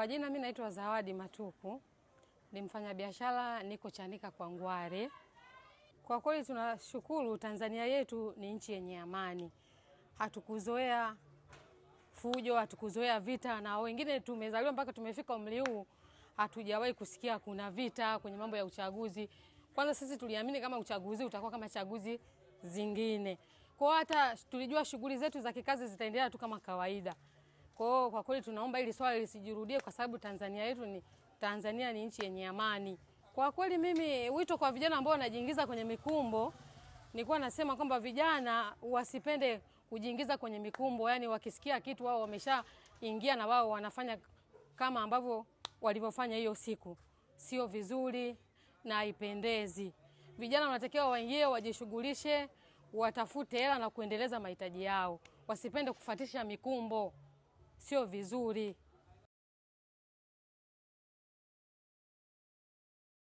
Kwa jina mimi naitwa Zawadi Matuku, ni mfanyabiashara, niko Chanika kwa Ngware. Kwa kweli tunashukuru, Tanzania yetu ni nchi yenye amani, hatukuzoea fujo, hatukuzoea vita, na wengine tumezaliwa mpaka tumefika umri huu hatujawahi kusikia kuna vita kwenye mambo ya uchaguzi. Kwanza sisi tuliamini kama uchaguzi utakuwa kama chaguzi zingine, kwa hata tulijua shughuli zetu za kikazi zitaendelea tu kama kawaida. Kwa hiyo kwa kweli tunaomba ili swala lisijirudie, kwa sababu Tanzania yetu ni Tanzania ni nchi yenye amani. Kwa kweli mimi wito kwa vijana ambao wanajiingiza kwenye mikumbo, nilikuwa nasema kwamba vijana wasipende kujiingiza kwenye mikumbo, yani wakisikia kitu wao wameshaingia na wao wanafanya kama ambavyo walivyofanya hiyo siku, sio vizuri na haipendezi. Vijana wanatakiwa waingie, wajishughulishe, watafute hela na kuendeleza mahitaji yao, wasipende kufatisha mikumbo. Sio vizuri.